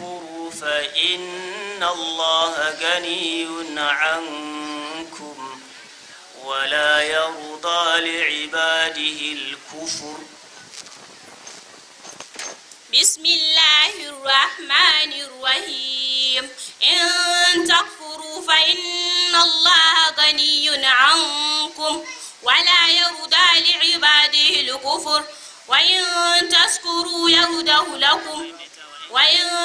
يكفر فإن الله غني عنكم ولا يرضى لعباده الكفر بسم الله الرحمن الرحيم إن تكفروا فإن الله غني عنكم ولا يرضى لعباده الكفر وإن تشكروا يهده لكم وإن